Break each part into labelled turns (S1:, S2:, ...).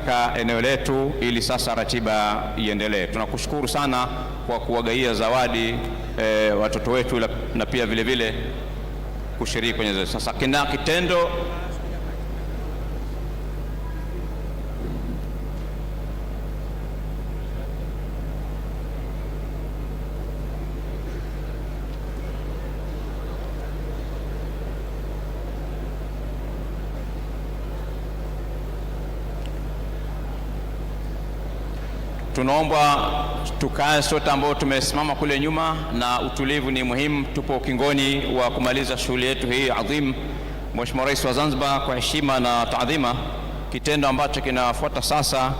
S1: katika eneo letu ili sasa ratiba iendelee. Tunakushukuru sana kwa kuwagaia zawadi e, watoto wetu na pia vile vile kushiriki kwenye sasa kina kitendo Tunaomba tukae sote ambao tumesimama kule nyuma, na utulivu ni muhimu. Tupo ukingoni wa kumaliza shughuli yetu hii adhim. Mheshimiwa Rais wa Zanzibar, kwa heshima na taadhima, kitendo ambacho kinafuata sasa,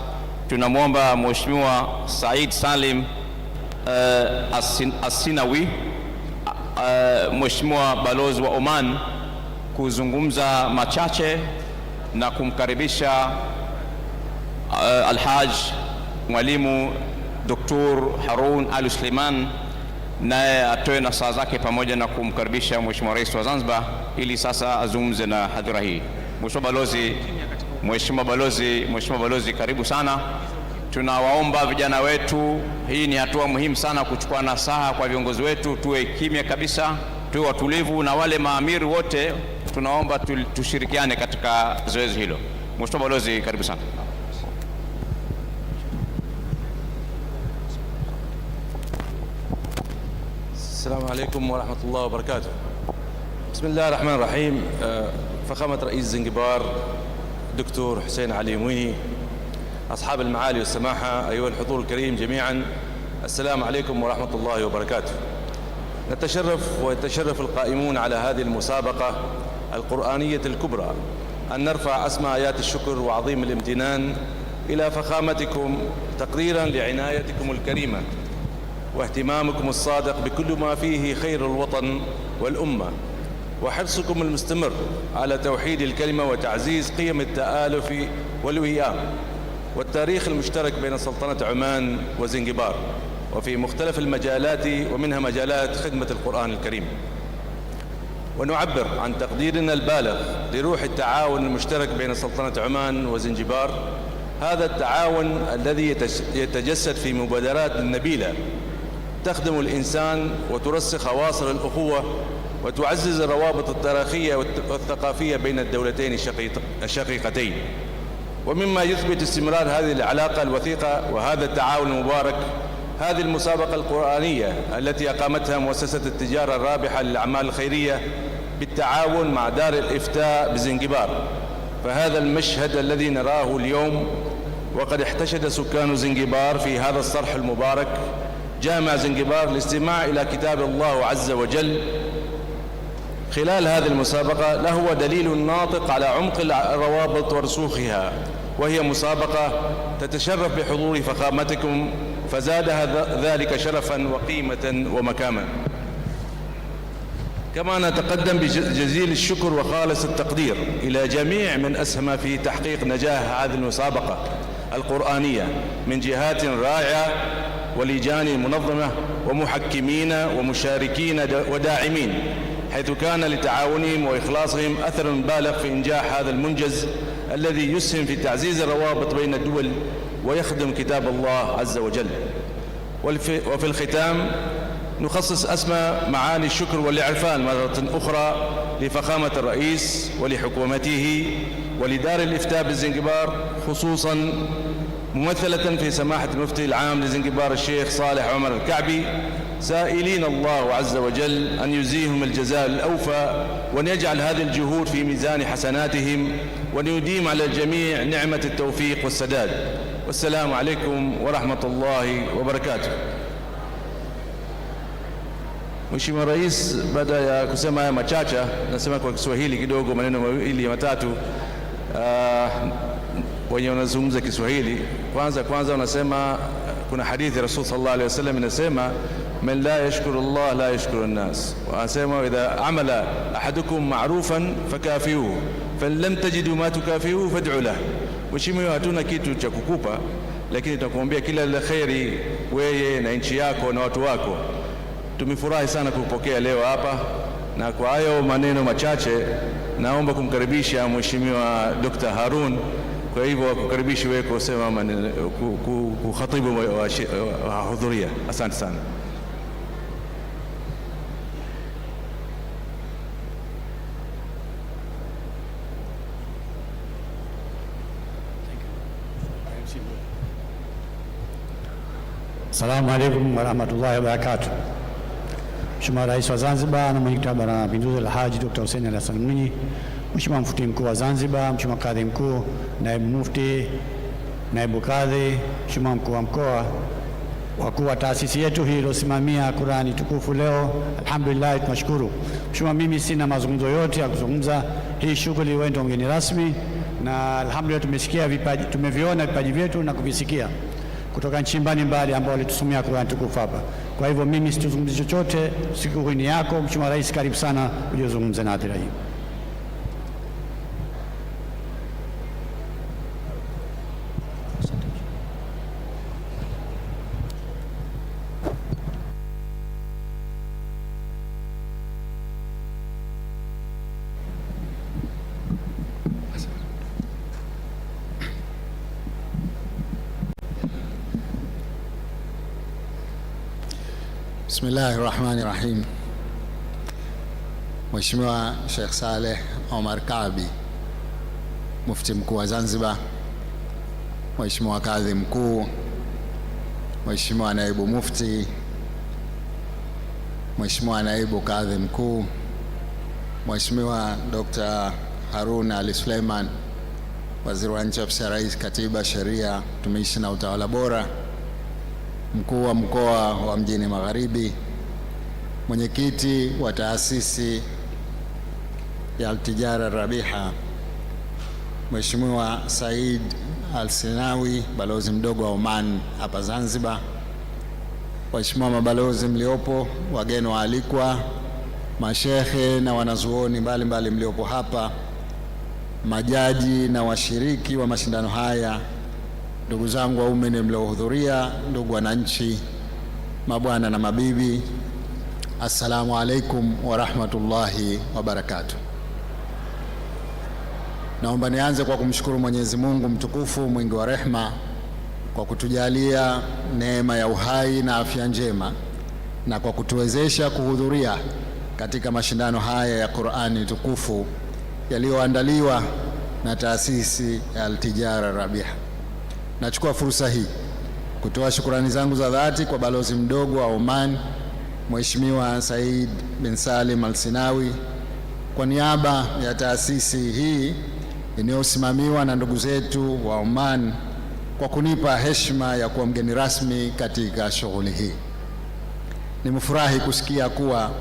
S1: tunamwomba Mheshimiwa Said Salim uh, Asinawi uh, Mheshimiwa balozi wa Oman kuzungumza machache na kumkaribisha uh, Alhaj mwalimu Dr. Harun Al Suleiman naye atoe nasaha zake pamoja na kumkaribisha Mheshimiwa Rais wa Zanzibar ili sasa azungumze na hadhira hii. Mheshimiwa Balozi, Mheshimiwa Balozi, Mheshimiwa Balozi, karibu sana. Tunawaomba vijana wetu, hii ni hatua muhimu sana kuchukua nasaha kwa viongozi wetu, tuwe kimya kabisa, tuwe watulivu, na wale maamiri wote tunaomba tushirikiane katika zoezi hilo. Mheshimiwa Balozi, karibu sana.
S2: السلام عليكم ورحمة الله وبركاته بسم الله الرحمن الرحيم آه، فخامة رئيس زنجبار دكتور حسين علي مويني أصحاب المعالي والسماحة أيها الحضور الكريم جميعا السلام عليكم ورحمة الله وبركاته نتشرف ويتشرف القائمون على هذه المسابقة القرآنية الكبرى أن نرفع أسمى آيات الشكر وعظيم الامتنان إلى فخامتكم تقريرا لعنايتكم الكريمة واهتمامكم الصادق بكل ما فيه خير الوطن والأمة وحرصكم المستمر على توحيد الكلمة وتعزيز قيم التآلف والوئام والتاريخ المشترك بين سلطنة عمان وزنجبار وفي مختلف المجالات ومنها مجالات خدمة القرآن الكريم ونعبر عن تقديرنا البالغ لروح التعاون المشترك بين سلطنة عمان وزنجبار هذا التعاون الذي يتجسد في مبادرات نبيلة تخدم الإنسان وترسخ أواصر الأخوة وتعزز الروابط التاريخية والثقافية بين الدولتين الشقيقتين ومما يثبت استمرار هذه العلاقة الوثيقة وهذا التعاون المبارك هذه المسابقة القرآنية التي أقامتها مؤسسة التجارة الرابحة للأعمال الخيرية بالتعاون مع دار الإفتاء بزنجبار فهذا المشهد الذي نراه اليوم وقد احتشد سكان زنجبار في هذا الصرح المبارك جامع زنجبار للاستماع إلى كتاب الله عز وجل خلال هذه المسابقة لهو دليل ناطق على عمق الروابط ورسوخها وهي مسابقة تتشرف بحضور فخامتكم فزادها ذلك شرفا وقيمة ومكاما كما نتقدم بجزيل الشكر وخالص التقدير إلى جميع من أسهم في تحقيق نجاح هذه المسابقة القرآنية من جهات رائعة ولجان منظمة ومحكمين ومشاركين وداعمين حيث كان لتعاونهم وإخلاصهم أثر بالغ في إنجاح هذا المنجز الذي يسهم في تعزيز الروابط بين الدول ويخدم كتاب الله عز وجل وفي الختام نخصص أسمى معاني الشكر والعرفان مرة أخرى لفخامة الرئيس ولحكومته ولدار الإفتاء بالزنجبار خصوصا ممثلة في سماحة المفتي العام لزنجبار الشيخ صالح عمر الكعبي سائلين الله عز وجل أن يزيهم الجزاء الأوفى وأن يجعل هذه الجهود في ميزان حسناتهم وأن يديم على الجميع نعمة التوفيق والسداد والسلام عليكم ورحمة الله وبركاته
S1: Mheshimiwa Rais baada ya kusema haya machache, nasema kwa كدوغو kidogo maneno mawili matatu Uh, wenye wanazungumza Kiswahili kwanza kwanza wanasema kuna hadithi Rasul sallallahu alaihi wasallam inasema man la yashkuru Allah la yashkuru an-nas, wanasema idha amala ahadukum ma'rufan fakafiuhu fan lam tajidu ma tukafiuhu fad'u lah mheshimiwa, hatuna kitu cha kukupa lakini tutakuombea kila la kheri weye na nchi yako na watu wako. Tumefurahi sana kukupokea leo hapa, na kwa hayo maneno machache naomba kumkaribisha Mheshimiwa Dr. Harun. Kwa hivyo wakukaribishi wewe kusema kukhatibu wahudhuria. Asante sana.
S3: Assalamu alaikum warahmatullahi wabarakatuh. Mheshimiwa Rais wa Zanzibar na Mwenyekiti wa Baraza la Mapinduzi la Haji Dr. Hussein Ali Hassan Mwinyi, Mheshimiwa Mufti Mkuu wa Zanzibar, Mheshimiwa Kadhi Mkuu, Naibu Mufti, Naibu Kadhi, Mheshimiwa Mkuu wa Mkoa, wakuu wa taasisi yetu hii iliosimamia Qur'ani tukufu leo, alhamdulillah, tunashukuru. Mheshimiwa, mimi sina mazungumzo yote ya kuzungumza. Hii shughuli wewe ndio mgeni rasmi, na alhamdulillah tumesikia vipaji, tumeviona vipaji vyetu na kuvisikia kutoka nchi mbalimbali ambao walitusomea Qur'an tukufu hapa. Kwa hivyo mimi situzungumzi chochote, siku hii ni yako Mheshimiwa Rais, karibu sana ujizungumze na hadhira hii.
S4: Bismillahi rahmani rahim. Mheshimiwa Sheikh Saleh Omar Kaabi, mufti mkuu wa Zanzibar, mweshimiwa kadhi mkuu, mweshimiwa naibu mufti, mweshimiwa naibu kadhi mkuu, mweshimiwa Dr. Harun Ali Suleiman, waziri wa nchi, ofisi ya rais, katiba, sheria, utumishi na utawala bora mkuu wa mkoa wa Mjini Magharibi, mwenyekiti wa taasisi ya Altijara Rabiha, Mheshimiwa Said Alsinawi, balozi mdogo wa Oman hapa Zanzibar, waheshimiwa mabalozi mliopo, wageni waalikwa, mashehe na wanazuoni mbalimbali mliopo hapa, majaji na washiriki wa mashindano haya ndugu zangu waume ni mliohudhuria, ndugu wananchi, mabwana na mabibi, assalamu alaikum warahmatullahi wabarakatuh. Naomba nianze kwa kumshukuru Mwenyezi Mungu mtukufu mwingi wa rehma kwa kutujalia neema ya uhai na afya njema na kwa kutuwezesha kuhudhuria katika mashindano haya ya Qur'ani tukufu yaliyoandaliwa na taasisi ya Altijara Rabiha. Nachukua fursa hii kutoa shukurani zangu za dhati kwa balozi mdogo wa Oman Mheshimiwa Said bin Salim Al Sinawi kwa niaba ya taasisi hii inayosimamiwa na ndugu zetu wa Oman kwa kunipa heshima ya kuwa mgeni rasmi katika shughuli hii. Nimefurahi kusikia kuwa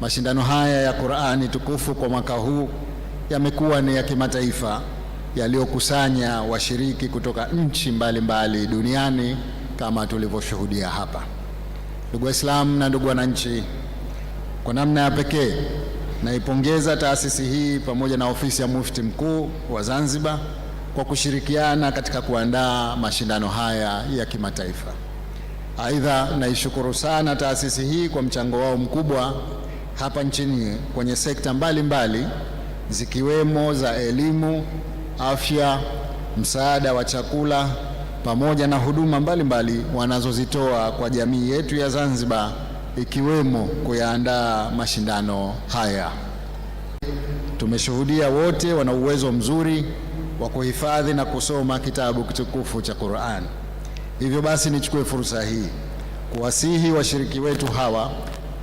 S4: mashindano haya ya Qur'ani tukufu kwa mwaka huu yamekuwa ni ya kimataifa yaliyokusanya washiriki kutoka nchi mbalimbali mbali duniani kama tulivyoshuhudia hapa. Ndugu Waislamu na ndugu wananchi, kwa namna ya pekee naipongeza taasisi hii pamoja na ofisi ya Mufti Mkuu wa Zanzibar kwa kushirikiana katika kuandaa mashindano haya ya kimataifa. Aidha, naishukuru sana taasisi hii kwa mchango wao mkubwa hapa nchini kwenye sekta mbalimbali mbali, zikiwemo za elimu afya, msaada wa chakula pamoja na huduma mbalimbali wanazozitoa kwa jamii yetu ya Zanzibar ikiwemo kuyaandaa mashindano haya. Tumeshuhudia wote wana uwezo mzuri wa kuhifadhi na kusoma kitabu kitukufu cha Qur'an. Hivyo basi, nichukue fursa hii kuwasihi washiriki wetu hawa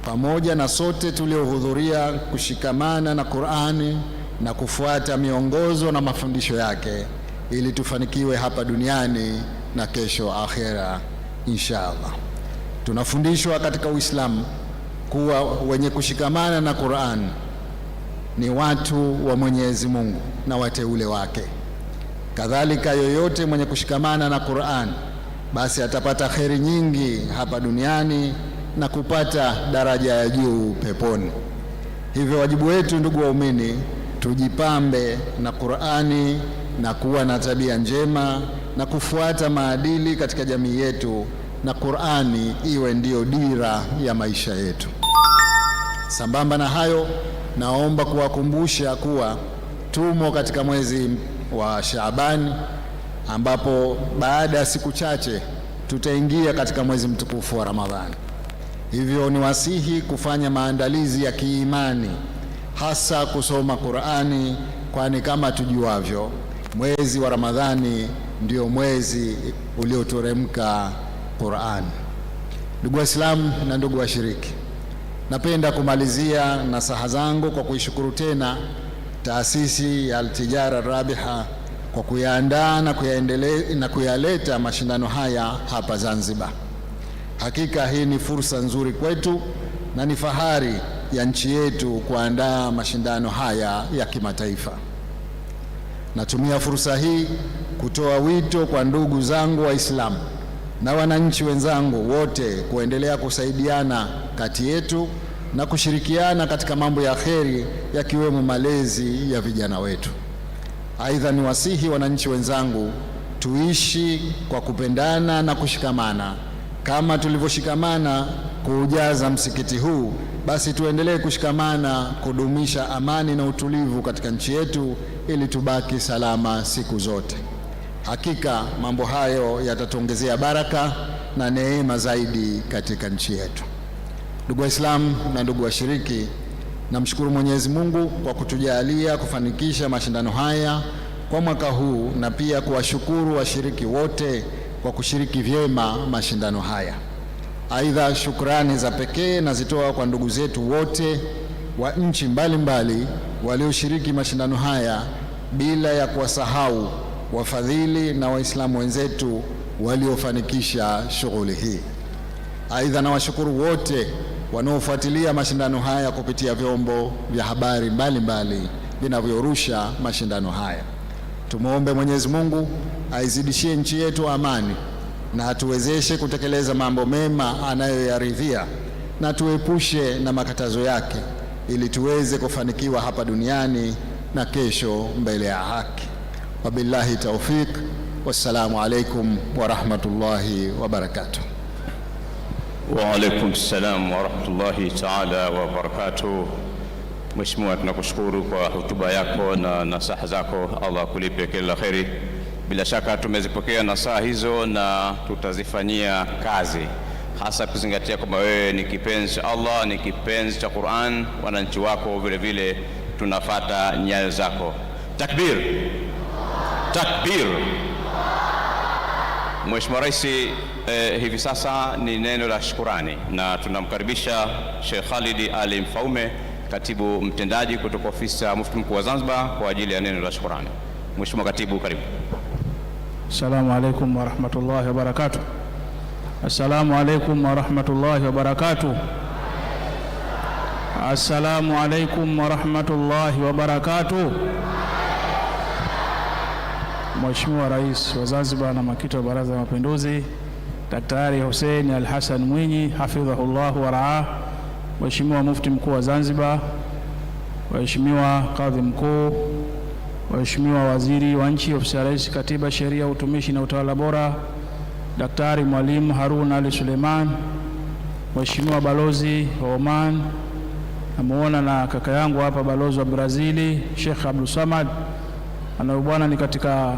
S4: pamoja na sote tuliohudhuria kushikamana na Qur'ani na kufuata miongozo na mafundisho yake ili tufanikiwe hapa duniani na kesho akhera insha Allah. Tunafundishwa katika Uislamu kuwa wenye kushikamana na Qur'an ni watu wa Mwenyezi Mungu na wateule wake. Kadhalika, yoyote mwenye kushikamana na Qur'an basi atapata kheri nyingi hapa duniani na kupata daraja ya juu peponi. Hivyo wajibu wetu, ndugu waumini tujipambe na Qur'ani na kuwa na tabia njema na kufuata maadili katika jamii yetu, na Qur'ani iwe ndiyo dira ya maisha yetu. Sambamba na hayo, naomba kuwakumbusha kuwa tumo katika mwezi wa Shaabani, ambapo baada ya siku chache tutaingia katika mwezi mtukufu wa Ramadhani. Hivyo niwasihi kufanya maandalizi ya kiimani hasa kusoma Qur'ani, kwani kama tujuavyo mwezi wa Ramadhani ndio mwezi ulioteremka Qur'ani. Ndugu Waislamu na ndugu washiriki, napenda kumalizia nasaha zangu kwa kuishukuru tena taasisi ya Altijara Rabiha kwa kuyaandaa na kuyaendelea na kuyaleta mashindano haya hapa Zanzibar. Hakika hii ni fursa nzuri kwetu na ni fahari ya nchi yetu kuandaa mashindano haya ya kimataifa. Natumia fursa hii kutoa wito kwa ndugu zangu Waislamu na wananchi wenzangu wote kuendelea kusaidiana kati yetu na kushirikiana katika mambo ya kheri yakiwemo malezi ya vijana wetu. Aidha, niwasihi wananchi wenzangu tuishi kwa kupendana na kushikamana kama tulivyoshikamana kuujaza msikiti huu basi tuendelee kushikamana kudumisha amani na utulivu katika nchi yetu ili tubaki salama siku zote. Hakika mambo hayo yatatuongezea baraka na neema zaidi katika nchi yetu. Ndugu Waislamu na ndugu washiriki, namshukuru Mwenyezi Mungu kwa kutujalia kufanikisha mashindano haya kwa mwaka huu na pia kuwashukuru washiriki wote kwa kushiriki vyema mashindano haya. Aidha, shukrani za pekee nazitoa kwa ndugu zetu wote wa nchi mbalimbali walioshiriki mashindano haya bila ya kuwasahau wafadhili na Waislamu wenzetu waliofanikisha shughuli hii. Aidha, na washukuru wote wanaofuatilia mashindano haya kupitia vyombo vya habari mbalimbali vinavyorusha mashindano haya. Tumwombe Mwenyezi Mungu aizidishie nchi yetu amani na atuwezeshe kutekeleza mambo mema anayoyaridhia na tuepushe na makatazo yake, ili tuweze kufanikiwa hapa duniani na kesho mbele ya haki. Wabillahi taufik, wassalamu alaikum warahmatullahi wabarakatuh.
S1: Wa alaikum salam warahmatullahi taala wabarakatuh. Mheshimiwa, tunakushukuru kwa hotuba yako na nasaha zako. Allah kulipe kila la kheri. Bila shaka tumezipokea na saa hizo na tutazifanyia kazi, hasa kuzingatia kwamba wewe ni kipenzi cha Allah, ni kipenzi cha Qur'an, wananchi wako vile vile tunafata nyayo zako. Takbir, takbir. Mheshimiwa Rais, eh, hivi sasa ni neno la shukurani na tunamkaribisha Sheikh Khalid Ali Mfaume, katibu mtendaji kutoka ofisi ya Mufti Mkuu wa Zanzibar kwa ajili ya neno la shukurani. Mheshimiwa Katibu, karibu.
S5: Assalamu alaikum warahmatullahi wabarakatu Assalamu alaikum warahmatullahi wabarakatu Assalamu alaikum warahmatullahi wabarakatuh. Mheshimiwa Rais wa Zanzibar na Mwenyekiti wa Baraza la Mapinduzi Daktari Hussein Al Hassan Mwinyi hafidhahullahu waraa, Mheshimiwa Mufti Mkuu wa Zanzibar, Waheshimiwa Kadhi Mkuu Waheshimiwa Waziri wa Nchi, Ofisi ya Rais, Katiba, Sheria, Utumishi na Utawala Bora, Daktari Mwalimu Harun Ali Suleiman, Mheshimiwa Balozi wa Oman, namuona na kaka yangu hapa balozi wa Brazili Sheikh Abdul Samad, anayo bwana ni katika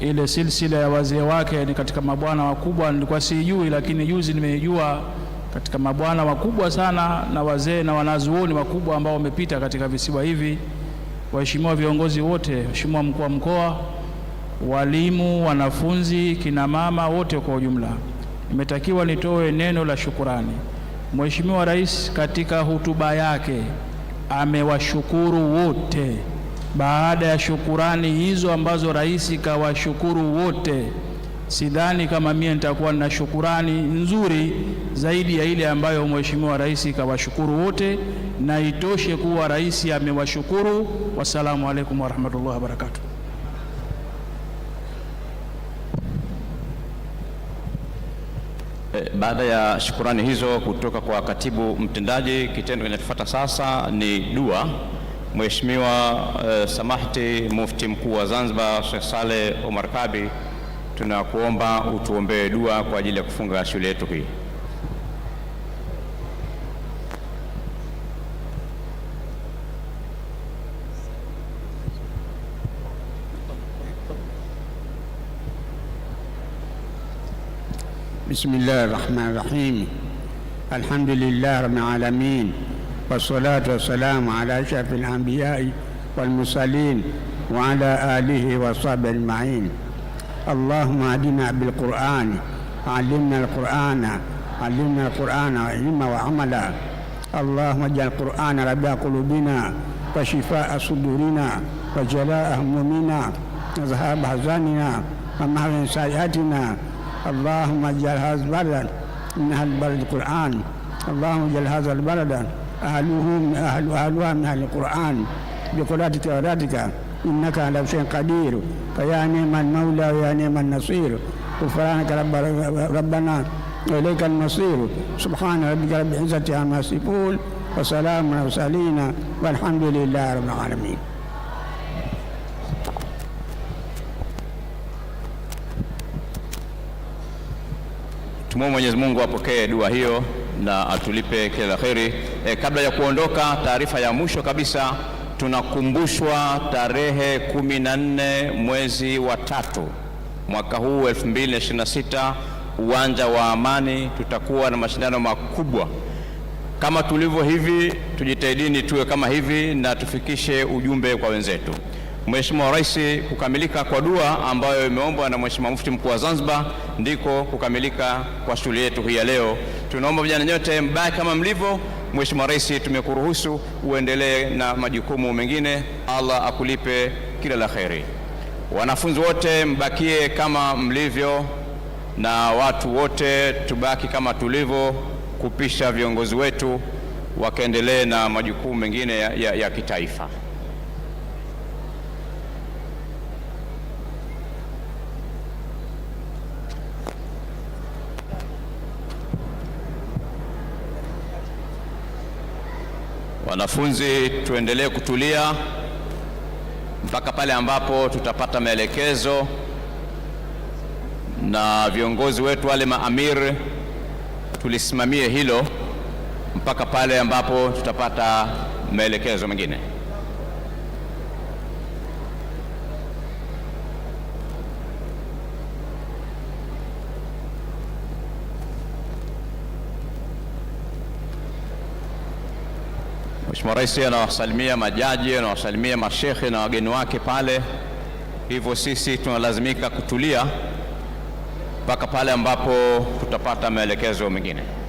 S5: ile silsila ya wazee wake, ni katika mabwana wakubwa. Nilikuwa sijui, lakini juzi nimejua katika mabwana wakubwa sana na wazee na wanazuoni wakubwa ambao wamepita katika visiwa hivi waheshimiwa viongozi wote, Mheshimiwa mkuu wa mkoa, walimu, wanafunzi, kina mama wote kwa ujumla, nimetakiwa nitoe neno la shukurani. Mheshimiwa Rais katika hotuba yake amewashukuru wote. Baada ya shukurani hizo ambazo rais kawashukuru wote sidhani kama mie nitakuwa na shukurani nzuri zaidi ya ile ambayo Mheshimiwa Rais kawashukuru wote, na itoshe kuwa rais amewashukuru. Wassalamu alaikum warahmatullahi wabarakatuh.
S1: Eh, baada ya shukurani hizo kutoka kwa katibu mtendaji, kitendo kinachofuata sasa ni dua. Mheshimiwa uh, samahati mufti mkuu wa Zanzibar Sheikh Saleh Omar Kabi tunakuomba utuombee dua kwa ajili ya kufunga shule yetu hii.
S6: Bismillahi rahmani rahim, alhamdulillahi rabbil alamin, wassalatu wassalamu ala ashrafil anbiyai wal mursalin wa ala alihi wa sahbihi ajmain. اللهم اهدنا بالقرآن علمنا القرآن علمنا القرآن علما وعملا اللهم اجعل القرآن ربيع قلوبنا وشفاء صدورنا وجلاء همومنا وذهاب احزاننا ومحو سيئاتنا اللهم اجعل هذا البلد من اهل بلد القرآن اللهم اجعل هذا البلد اهله من اهل اهلها من اهل القرآن بقراتك وراتك innaka ala shay'in qadir fa ya ni'mal maula wa ya ni'man nasir ghufranaka rabbana ilayka al-masir subhana rabbika rabbil izzati amma yasifun wa salamun ala mursalin walhamdulillahi rabbil alamin
S1: Tumwombe Mwenyezi Mungu apokee dua hiyo na atulipe kila la kheri. E, kabla ya kuondoka, taarifa ya mwisho kabisa tunakumbushwa tarehe 14 mwezi wa tatu mwaka huu 2026, uwanja wa Amani, tutakuwa na mashindano makubwa. Kama tulivyo hivi, tujitahidini tuwe kama hivi na tufikishe ujumbe kwa wenzetu. Mheshimiwa Rais, kukamilika kwa dua ambayo imeombwa na Mheshimiwa Mufti Mkuu wa Zanzibar ndiko kukamilika kwa shughuli yetu hii ya leo. Tunaomba vijana nyote mbaki kama mlivyo. Mheshimiwa Rais, tumekuruhusu uendelee na majukumu mengine. Allah akulipe kila la kheri. Wanafunzi wote mbakie kama mlivyo, na watu wote tubaki kama tulivyo, kupisha viongozi wetu wakaendelee na majukumu mengine ya, ya, ya kitaifa. Wanafunzi tuendelee kutulia mpaka pale ambapo tutapata maelekezo na viongozi wetu wale maamir, tulisimamie hilo mpaka pale ambapo tutapata maelekezo mengine. Mheshimiwa Rais anawasalimia majaji, anawasalimia mashekhe na wageni wake pale, hivyo sisi tunalazimika kutulia mpaka pale ambapo tutapata maelekezo mengine.